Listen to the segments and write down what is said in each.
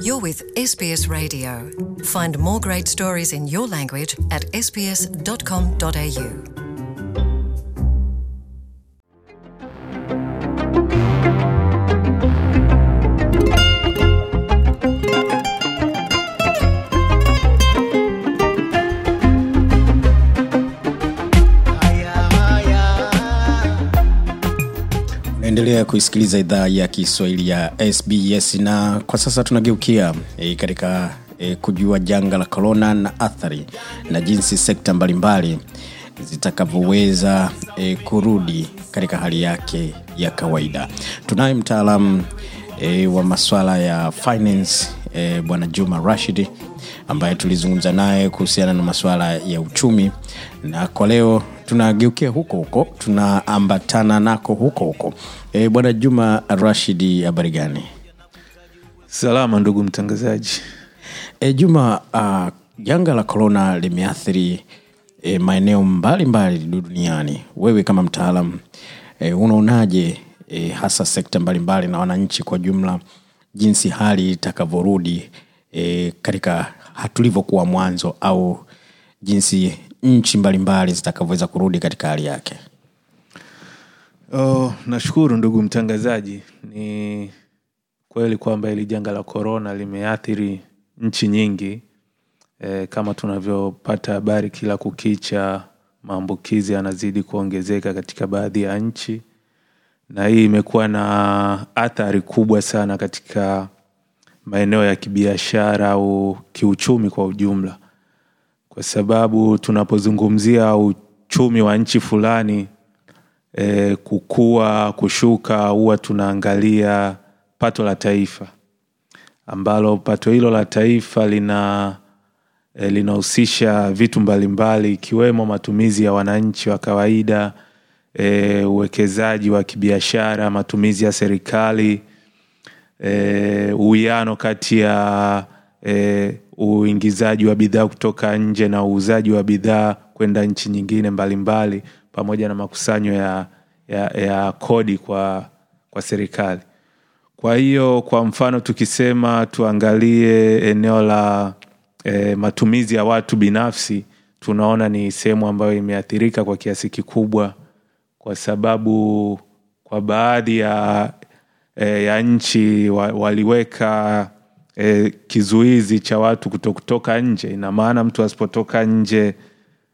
You're with SBS Radio. Find more great stories in your language at sbs.com.au. unaendelea kuisikiliza idhaa ya kiswahili ya sbs na kwa sasa tunageukia e, katika e, kujua janga la korona na athari na jinsi sekta mbalimbali zitakavyoweza e, kurudi katika hali yake ya kawaida tunaye mtaalamu e, wa maswala ya finance e, bwana juma rashid ambaye tulizungumza naye kuhusiana na masuala ya uchumi na kwa leo tunageukia huko huko tunaambatana nako huko huko E, Bwana Juma Rashidi, habari gani? Salama ndugu mtangazaji. E, Juma, uh, janga la korona limeathiri e, maeneo mbalimbali duniani. Wewe kama mtaalam e, unaonaje e, hasa sekta mbalimbali mbali na wananchi kwa jumla jinsi hali itakavyorudi e, katika hatulivyokuwa mwanzo au jinsi nchi mbalimbali zitakavyoweza kurudi katika hali yake? Oh, nashukuru ndugu mtangazaji. Ni kweli kwamba hili janga la korona limeathiri nchi nyingi e, kama tunavyopata habari kila kukicha, maambukizi yanazidi kuongezeka katika baadhi ya nchi, na hii imekuwa na athari kubwa sana katika maeneo ya kibiashara au kiuchumi kwa ujumla, kwa sababu tunapozungumzia uchumi wa nchi fulani e, kukua kushuka huwa tunaangalia pato la taifa ambalo pato hilo la taifa lina e, linahusisha vitu mbalimbali ikiwemo mbali, matumizi ya wananchi wa kawaida e, uwekezaji wa kibiashara matumizi ya serikali e, uwiano kati ya e, uingizaji wa bidhaa kutoka nje na uuzaji wa bidhaa kwenda nchi nyingine mbalimbali mbali pamoja na makusanyo ya, ya, ya kodi kwa, kwa serikali. Kwa hiyo kwa mfano tukisema tuangalie eneo la e, matumizi ya watu binafsi, tunaona ni sehemu ambayo imeathirika kwa kiasi kikubwa, kwa sababu kwa baadhi ya, e, ya nchi wa, waliweka e, kizuizi cha watu kutokutoka nje. Ina maana mtu asipotoka nje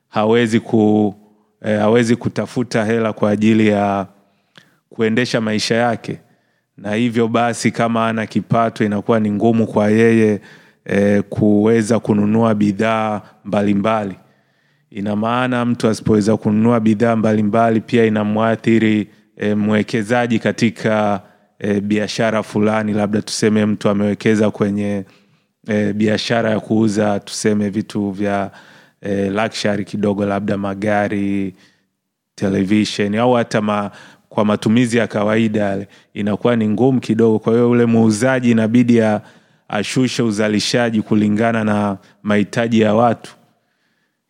hawezi ku, e, kutafuta hela kwa ajili ya kuendesha maisha yake, na hivyo basi, kama ana kipato inakuwa ni ngumu kwa yeye e, kuweza kununua bidhaa mbalimbali. Ina maana mtu asipoweza kununua bidhaa mbalimbali, pia inamwathiri e, mwekezaji katika e, biashara fulani. Labda tuseme mtu amewekeza kwenye e, biashara ya kuuza tuseme vitu vya eh, luxury kidogo labda magari televishen au hata ma, kwa matumizi ya kawaida ale inakuwa ni ngumu kidogo kwa hiyo ule muuzaji inabidi ashushe uzalishaji kulingana na mahitaji ya watu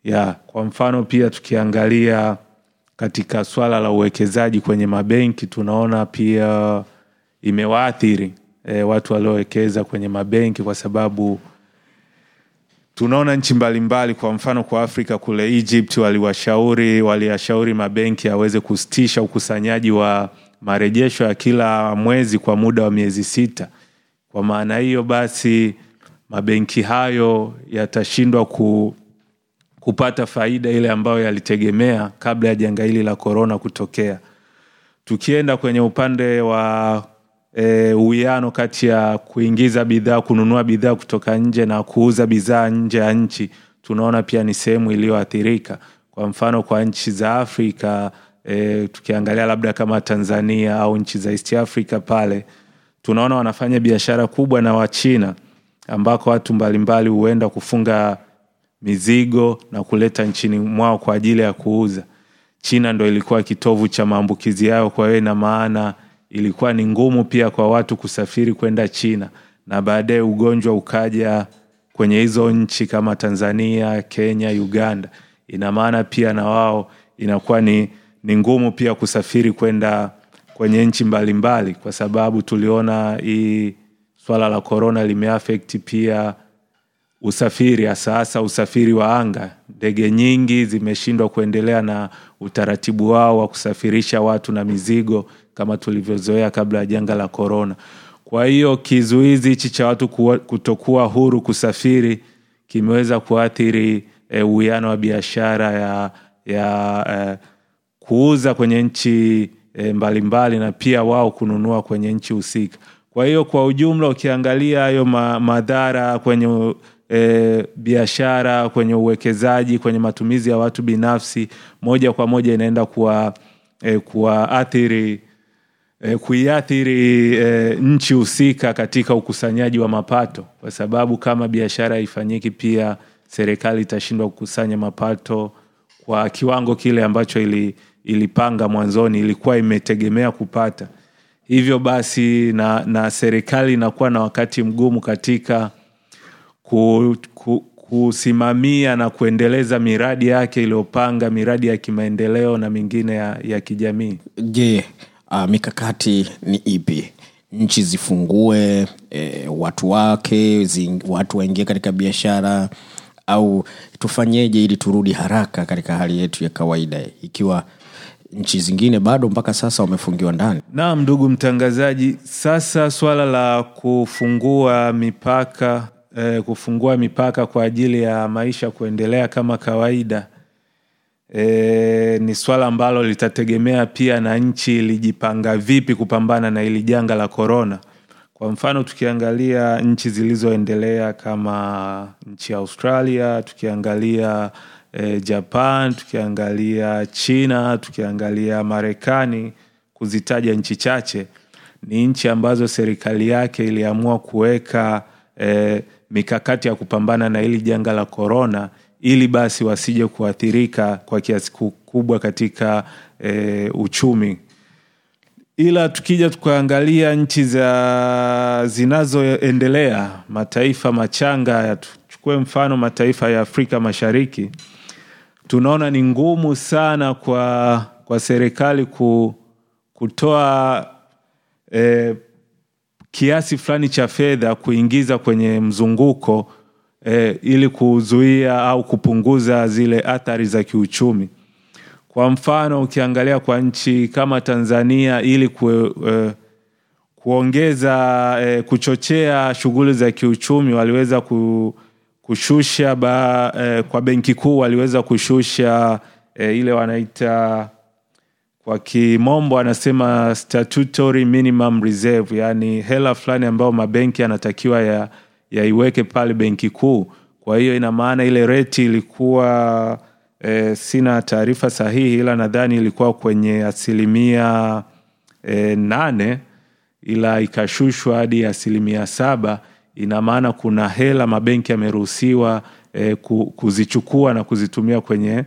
ya kwa mfano pia tukiangalia katika swala la uwekezaji kwenye mabenki tunaona pia imewaathiri e, watu waliowekeza kwenye mabenki kwa sababu tunaona nchi mbalimbali kwa mfano kwa afrika kule egypt waliwashauri waliyashauri mabenki yaweze kusitisha ukusanyaji wa marejesho ya kila mwezi kwa muda wa miezi sita kwa maana hiyo basi mabenki hayo yatashindwa ku, kupata faida ile ambayo yalitegemea kabla ya janga hili la korona kutokea tukienda kwenye upande wa e, uwiano kati ya kuingiza bidhaa kununua bidhaa kutoka nje na kuuza bidhaa nje ya nchi tunaona pia ni sehemu iliyoathirika kwa mfano kwa nchi za afrika e, tukiangalia labda kama tanzania au nchi za east africa pale tunaona wanafanya biashara kubwa na wachina ambako watu mbalimbali huenda kufunga mizigo na kuleta nchini mwao kwa ajili ya kuuza china ndo ilikuwa kitovu cha maambukizi yayo kwa hiyo ina maana ilikuwa ni ngumu pia kwa watu kusafiri kwenda china na baadaye ugonjwa ukaja kwenye hizo nchi kama tanzania kenya uganda ina maana pia na wao inakuwa ni ni ngumu pia kusafiri kwenda kwenye nchi mbalimbali kwa sababu tuliona hii swala la korona limeafekti pia usafiri hasahasa usafiri wa anga ndege nyingi zimeshindwa kuendelea na utaratibu wao wa kusafirisha watu na mizigo kama tulivyozoea kabla ya janga la korona kwa hiyo kizuizi hichi cha watu kutokuwa huru kusafiri kimeweza kuathiri eh, uwiano e, wa biashara ya, ya e, kuuza kwenye nchi e, mbalimbali na pia wao kununua kwenye nchi husika kwa hiyo kwa ujumla ukiangalia hayo ma, madhara kwenye e, biashara kwenye uwekezaji kwenye matumizi ya watu binafsi moja kwa moja inaenda kuwa e, kuwaathiri e, kuiathiri e, nchi husika katika ukusanyaji wa mapato, kwa sababu kama biashara haifanyiki, pia serikali itashindwa kukusanya mapato kwa kiwango kile ambacho ili, ilipanga mwanzoni, ilikuwa imetegemea kupata. Hivyo basi na, na serikali inakuwa na wakati mgumu katika ku, ku, kusimamia na kuendeleza miradi yake iliyopanga, miradi ya kimaendeleo na mingine ya, ya kijamii. Je, yeah uh, mikakati ni ipi nchi zifungue e, watu wake zi, watu waingie katika biashara au tufanyeje ili turudi haraka katika hali yetu ya kawaida ikiwa nchi zingine bado mpaka sasa wamefungiwa ndani naam ndugu mtangazaji sasa swala la kufungua mipaka eh, kufungua mipaka kwa ajili ya maisha kuendelea kama kawaida e, ni swala ambalo litategemea pia na nchi ilijipanga vipi kupambana na hili janga la korona kwa mfano tukiangalia nchi zilizoendelea kama nchi ya australia tukiangalia e, japan tukiangalia china tukiangalia marekani kuzitaja nchi chache ni nchi ambazo serikali yake iliamua kuweka e, mikakati ya kupambana na hili janga la korona ili basi wasije kuathirika kwa kiasi kikubwa katika e, uchumi ila tukija tukaangalia nchi za zinazoendelea mataifa machanga tuchukue mfano mataifa ya afrika mashariki tunaona ni ngumu sana kwa kwa serikali ku, kutoa e, kiasi fulani cha fedha kuingiza kwenye mzunguko eh, ili kuzuia au kupunguza zile athari za kiuchumi kwa mfano ukiangalia kwa nchi kama tanzania ili ku, eh, kuongeza eh, kuchochea shughuli za kiuchumi waliweza ku, kushusha ba, eh, kwa benki kuu waliweza kushusha eh, ile wanaita kwa kimombo anasema statutory minimum reserve yani hela fulani ambayo mabenki yanatakiwa ya, yaiweke pale benki kuu kwa hiyo ina maana ile reti ilikuwa e, sina taarifa sahihi ila nadhani ilikuwa kwenye asilimia e, nane ila ikashushwa hadi asilimia saba ina maana kuna hela mabenki yameruhusiwa e, kuzichukua na kuzitumia kwenye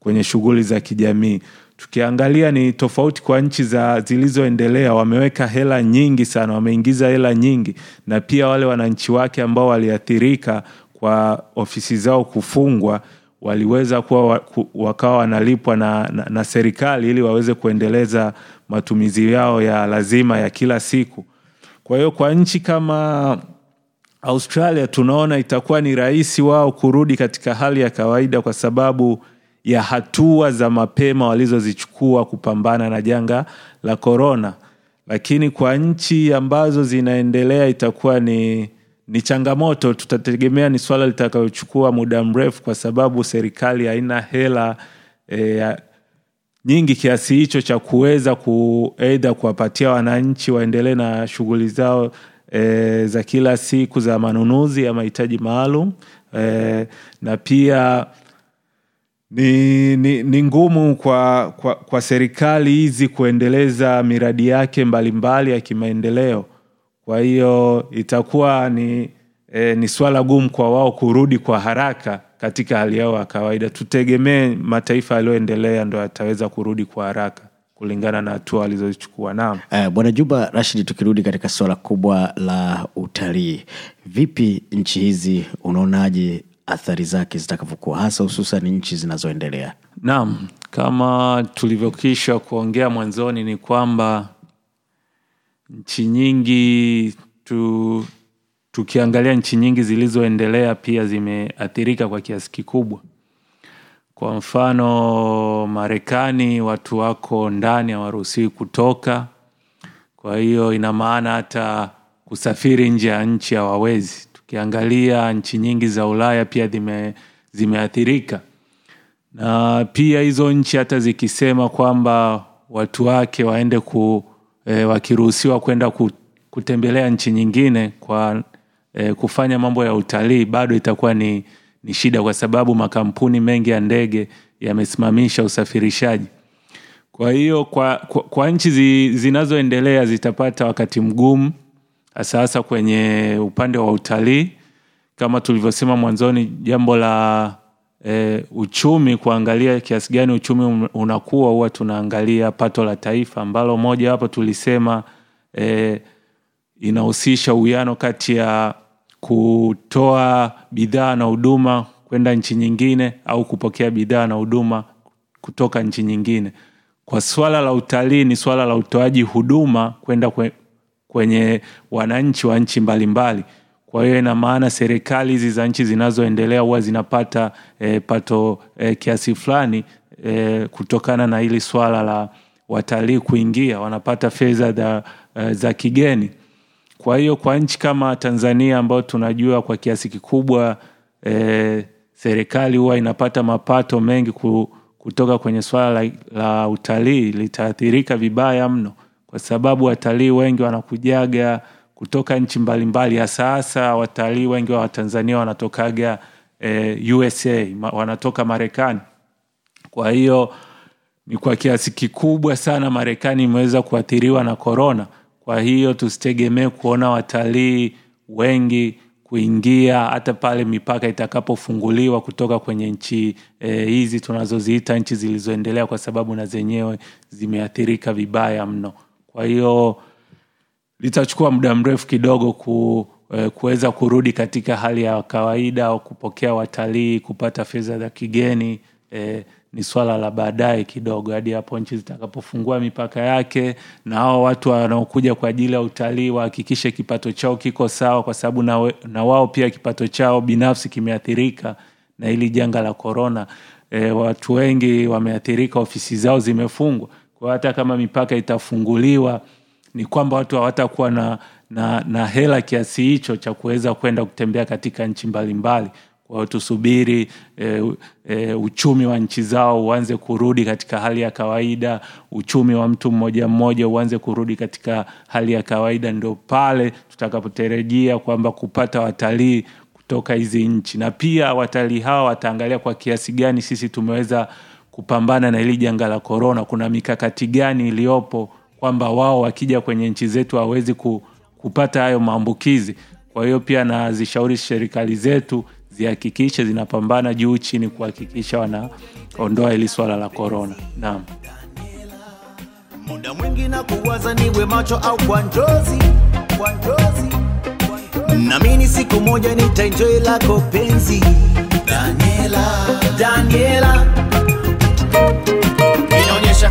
kwenye shughuli za kijamii tukiangalia ni tofauti kwa nchi za zilizoendelea wameweka hela nyingi sana wameingiza hela nyingi na pia wale wananchi wake ambao waliathirika kwa ofisi zao kufungwa waliweza kuwa wakawa wanalipwa na, na, na serikali ili waweze kuendeleza matumizi yao ya lazima ya kila siku kwa hiyo kwa nchi kama australia tunaona itakuwa ni rahisi wao kurudi katika hali ya kawaida kwa sababu ya hatua za mapema walizozichukua kupambana na janga la korona lakini kwa nchi ambazo zinaendelea itakuwa ni ni changamoto tutategemea ni swala litakayochukua muda mrefu kwa sababu serikali haina hela e, nyingi kiasi hicho cha kuweza kueidha kuwapatia wananchi waendelee na shughuli zao e, za kila siku za manunuzi ya mahitaji maalum e, na pia ni, ni, ni ngumu kwa, kwa, kwa serikali hizi kuendeleza miradi yake mbalimbali mbali ya kimaendeleo kwa hiyo itakuwa ni, eh, ni swala gumu kwa wao kurudi kwa haraka katika hali yao ya kawaida tutegemee mataifa yaliyoendelea ndo yataweza kurudi kwa haraka kulingana na hatua alizochukua nam uh, eh, bwana juba rashid tukirudi katika suala kubwa la utalii vipi nchi hizi unaonaje athari zake zitakavyokuwa hasa hususan nchi zinazoendelea naam kama tulivyokisha kuongea mwanzoni ni kwamba nchi nyingi tu, tukiangalia nchi nyingi zilizoendelea pia zimeathirika kwa kiasi kikubwa kwa mfano marekani watu wako ndani hawaruhusiwi kutoka kwa hiyo ina maana hata kusafiri nje ya nchi hawawezi ukiangalia nchi nyingi za ulaya pia zime, zimeathirika na pia hizo nchi hata zikisema kwamba watu wake waende ku, e, wakiruhusiwa kwenda kutembelea nchi nyingine kwa e, kufanya mambo ya utalii bado itakuwa ni, ni shida kwa sababu makampuni mengi ya ndege yamesimamisha usafirishaji kwa hiyo kwa, kwa, kwa nchi zi, zinazoendelea zitapata wakati mgumu hasa hasa kwenye upande wa utalii kama tulivyosema mwanzoni jambo la e, uchumi kuangalia kiasi gani uchumi unakuwa huwa tunaangalia pato la taifa ambalo moja wapo tulisema e, inahusisha uwiano kati ya kutoa bidhaa na huduma kwenda nchi nyingine au kupokea bidhaa na huduma kutoka nchi nyingine kwa swala la utalii ni swala la utoaji huduma kwenda kwenye wananchi wa nchi mbalimbali kwa hiyo ina maana serikali hizi za nchi zinazoendelea huwa zinapata e, pato e, kiasi fulani e, kutokana na hili swala la watalii kuingia wanapata fedha za, e, za kigeni kwa hiyo kwa nchi kama tanzania ambayo tunajua kwa kiasi kikubwa e, serikali huwa inapata mapato mengi kutoka kwenye swala la, la utalii litaathirika vibaya mno kwa sababu watalii wengi wanakujaga kutoka nchi mbalimbali hasa hasa watalii wengi wa watanzania wanatokaga eh, usa ma, wanatoka marekani kwa hiyo ni kwa kiasi kikubwa sana marekani imeweza kuathiriwa na korona kwa hiyo tusitegemee kuona watalii wengi kuingia hata pale mipaka itakapofunguliwa kutoka kwenye nchi e, hizi tunazoziita nchi zilizoendelea kwa sababu na zenyewe zimeathirika vibaya mno kwa hiyo litachukua muda mrefu kidogo ku eh, kuweza kurudi katika hali ya kawaida kupokea watalii kupata fedha za kigeni eh, ni swala la baadaye kidogo hadi hapo nchi zitakapofungua mipaka yake na hao watu wanaokuja kwa ajili ya utalii wahakikishe kipato chao kiko sawa kwa sababu na, na wao pia kipato chao binafsi kimeathirika na hili janga la korona e, eh, watu wengi wameathirika ofisi zao zimefungwa hata kama mipaka itafunguliwa, ni kwamba watu hawatakuwa na, na, na hela kiasi hicho cha kuweza kwenda kutembea katika nchi mbalimbali kwao tusubiri e, e, uchumi wa nchi zao uanze kurudi katika hali ya kawaida uchumi wa mtu mmoja mmoja uanze kurudi katika hali ya kawaida ndio pale tutakapotarajia kwamba kupata watalii kutoka hizi nchi na pia watalii hawa wataangalia kwa kiasi gani sisi tumeweza kupambana na hili janga la korona kuna mikakati gani iliyopo kwamba wao wakija kwenye nchi zetu hawawezi ku, kupata hayo maambukizi kwa hiyo pia nazishauri serikali zetu zihakikishe zinapambana juu chini kuhakikisha wanaondoa hili swala la korona naam muda mwingi na kuwaza niwe macho au kwa njozi kwa njozi namini siku moja lako penzi daniela daniela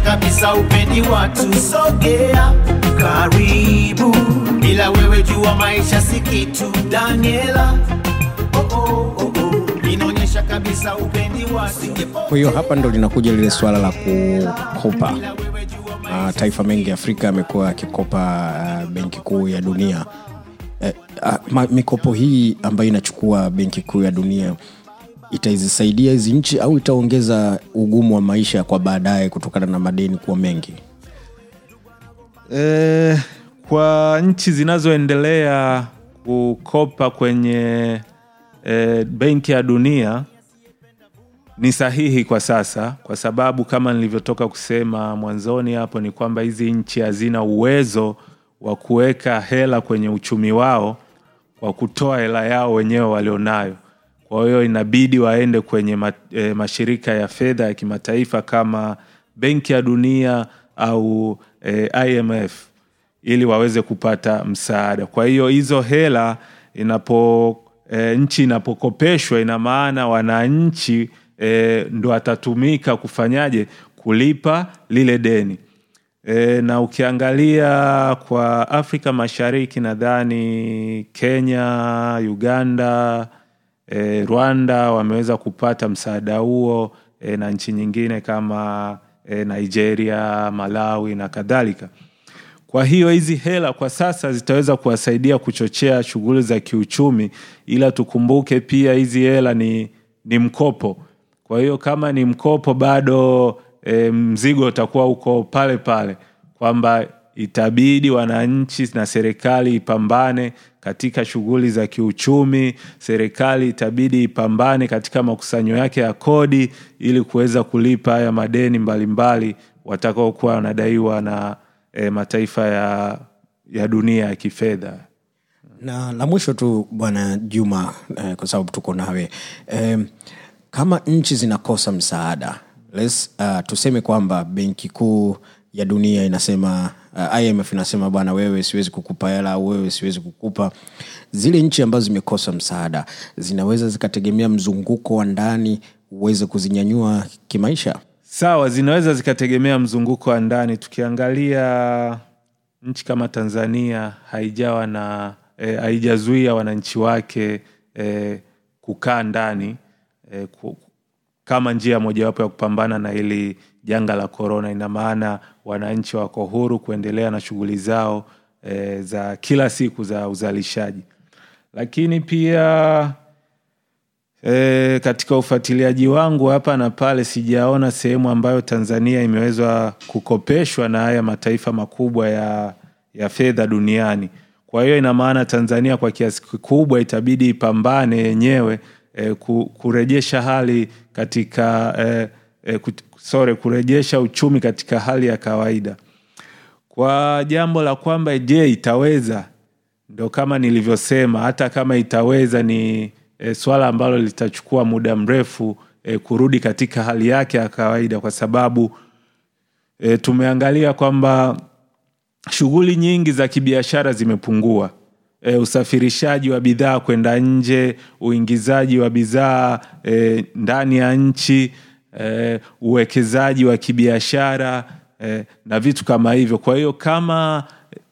kabisa upendi watu, sogea karibu, bila wewe jua maisha si kitu. Daniela oh, oh, oh, oh. inaonyesha kabisa upendi watu. Kwa hiyo hapa ndo linakuja lile swala la kukopa. Uh, taifa mengi Afrika amekuwa akikopa uh, ah, benki kuu ya dunia. Uh, uh, mikopo hii ambayo inachukua benki kuu ya dunia uh, itaizisaidia hizi nchi au itaongeza ugumu wa maisha kwa baadaye kutokana na madeni kuwa mengi? E, kwa nchi zinazoendelea kukopa kwenye e, benki ya dunia ni sahihi kwa sasa, kwa sababu kama nilivyotoka kusema mwanzoni hapo ni kwamba hizi nchi hazina uwezo wa kuweka hela kwenye uchumi wao kwa kutoa hela yao wenyewe walionayo. Kwa hiyo inabidi waende kwenye ma, e, mashirika ya fedha ya kimataifa kama Benki ya Dunia au e, eh, IMF ili waweze kupata msaada. Kwa hiyo hizo hela inapo e, nchi inapokopeshwa, ina maana wananchi e, ndo atatumika kufanyaje kulipa lile deni e, na ukiangalia kwa Afrika Mashariki nadhani Kenya, Uganda e, Rwanda wameweza kupata msaada huo e, na nchi nyingine kama e, Nigeria, Malawi na kadhalika. Kwa hiyo hizi hela kwa sasa zitaweza kuwasaidia kuchochea shughuli za kiuchumi, ila tukumbuke pia hizi hela ni, ni mkopo. Kwa hiyo kama ni mkopo bado e, mzigo utakuwa uko pale pale kwamba itabidi wananchi na serikali ipambane katika shughuli za kiuchumi. Serikali itabidi ipambane katika makusanyo yake ya kodi ili kuweza kulipa haya madeni mbalimbali watakaokuwa wanadaiwa na e, mataifa ya, ya dunia ya kifedha na la mwisho tu bwana juma eh, kwa sababu tuko nawe eh, kama nchi zinakosa msaada Let's, uh, tuseme kwamba benki kuu ya dunia inasema uh, imf inasema bwana wewe siwezi kukupa hela au wewe siwezi kukupa zile nchi ambazo zimekosa msaada zinaweza zikategemea mzunguko wa ndani uweze kuzinyanyua kimaisha sawa zinaweza zikategemea mzunguko wa ndani tukiangalia nchi kama tanzania haijawa na e, haijazuia wananchi wake e, kukaa ndani e, kama njia mojawapo ya kupambana na ili janga la korona. Ina maana wananchi wako huru kuendelea na shughuli zao e, za kila siku za uzalishaji, lakini pia E, katika ufuatiliaji wangu hapa na pale sijaona sehemu ambayo Tanzania imewezwa kukopeshwa na haya mataifa makubwa ya, ya fedha duniani. Kwa hiyo ina maana Tanzania kwa kiasi kikubwa itabidi ipambane yenyewe e, kurejesha hali katika e, eh, sorry, kurejesha uchumi katika hali ya kawaida. Kwa jambo la kwamba je, itaweza, ndo kama nilivyosema, hata kama itaweza ni e, swala ambalo litachukua muda mrefu e, kurudi katika hali yake ya kawaida, kwa sababu e, tumeangalia kwamba shughuli nyingi za kibiashara zimepungua e, usafirishaji wa bidhaa kwenda nje, uingizaji wa bidhaa e, ndani ya nchi eh, uwekezaji wa kibiashara eh, na vitu kama hivyo kwa hiyo kama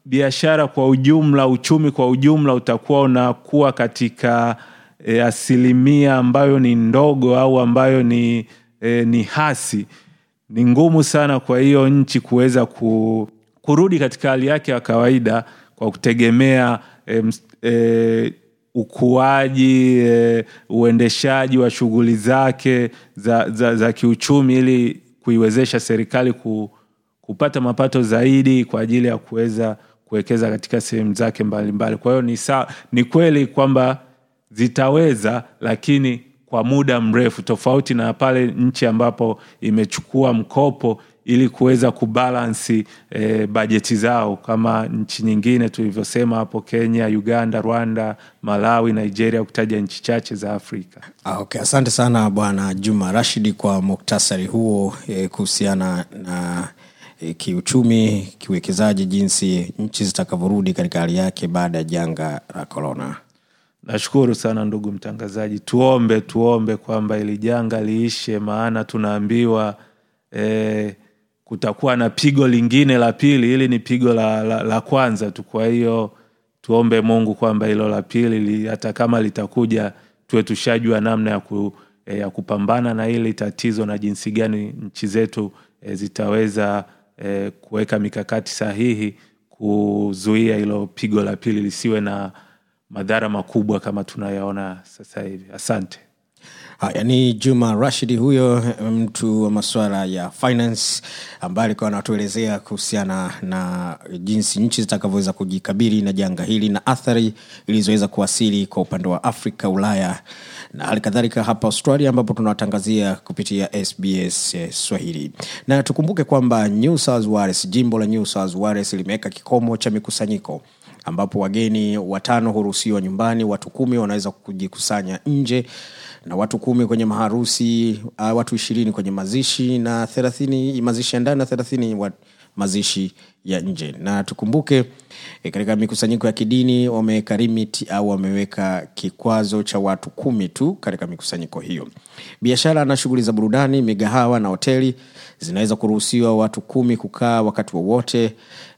biashara kwa ujumla uchumi kwa ujumla utakuwa unakuwa katika e, asilimia ambayo ni ndogo au ambayo ni, e, ni hasi ni ngumu sana kwa hiyo nchi kuweza ku, kurudi katika hali yake ya kawaida kwa kutegemea e, e, ukuaji e, uendeshaji wa shughuli zake za, za, za kiuchumi ili kuiwezesha serikali ku, kupata mapato zaidi kwa ajili ya kuweza kuwekeza katika sehemu zake mbalimbali. Kwa hiyo ni, ni kweli kwamba zitaweza, lakini kwa muda mrefu, tofauti na pale nchi ambapo imechukua mkopo ili kuweza kubalansi e, bajeti zao kama nchi nyingine tulivyosema hapo Kenya, Uganda, Rwanda, Malawi, Nigeria, kutaja nchi chache za Afrika. Ah, okay, asante sana Bwana Juma Rashidi kwa muktasari huo e, kuhusiana na e, kiuchumi, kiwekezaji, jinsi nchi zitakavyorudi katika hali yake baada ya janga la korona. Nashukuru sana ndugu mtangazaji. Tuombe, tuombe kwamba ili janga liishe, maana tunaambiwa eh, kutakuwa na pigo lingine la pili ili ni pigo la, la, la kwanza tu kwa hiyo tuombe mungu kwamba hilo la pili li, hata kama litakuja tuwe tushajua namna ya, ku, e, ya kupambana na hili tatizo na jinsi gani nchi zetu e, zitaweza e, kuweka mikakati sahihi kuzuia hilo pigo la pili lisiwe na madhara makubwa kama tunayoona sasa hivi asante Haya ni Juma rashidi huyo mtu wa masuala ya finance ambaye alikuwa anatuelezea kuhusiana na jinsi nchi zitakavyoweza kujikabili na janga hili na athari ilizoweza kuwasili kwa upande wa Afrika, Ulaya na hali kadhalika hapa Australia, ambapo tunawatangazia kupitia SBS eh, Swahili. Na tukumbuke kwamba New South Wales, jimbo la New South Wales limeweka kikomo cha mikusanyiko ambapo wageni watano huruhusiwa nyumbani, watu kumi wanaweza kujikusanya nje na watu kumi kwenye maharusi uh, watu ishirini kwenye mazishi na thelathini mazishi ya ndani na thelathini mazishi ya nje na tukumbuke e, katika mikusanyiko ya kidini wameweka limit au wameweka kikwazo cha watu kumi tu katika mikusanyiko hiyo biashara na shughuli za burudani migahawa na hoteli zinaweza kuruhusiwa watu kumi kukaa wakati wowote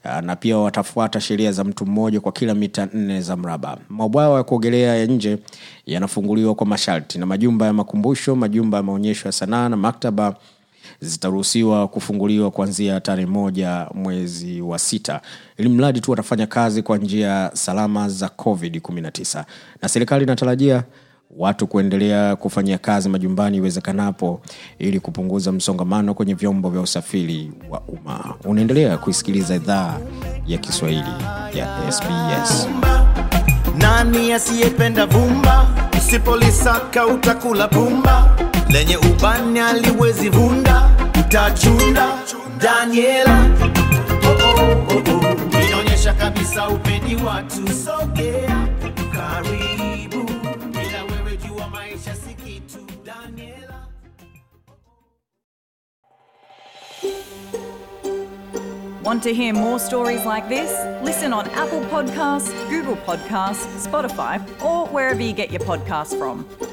wa ah, na pia watafuata sheria za mtu mmoja kwa kila mita nne za mraba mabwawa ya kuogelea ya nje yanafunguliwa kwa masharti na majumba ya makumbusho majumba ya maonyesho ya sanaa na maktaba zitaruhusiwa kufunguliwa kuanzia tarehe moja mwezi wa sita ili mradi tu watafanya kazi kwa njia salama za covid 19 na serikali inatarajia watu kuendelea kufanyia kazi majumbani iwezekanapo ili kupunguza msongamano kwenye vyombo vya usafiri wa umma unaendelea kuisikiliza idhaa ya kiswahili ya sbs nani asiyependa vumba usipolisaka utakula pumba lenye ubani aliwezi vunda Daniela oh, oh, oh, kabisa upendi watu sogea karibu wewe maisha Daniela Want to hear more stories like this? Listen on Apple Podcasts, Google Podcasts, Spotify, or wherever you get your podcasts from.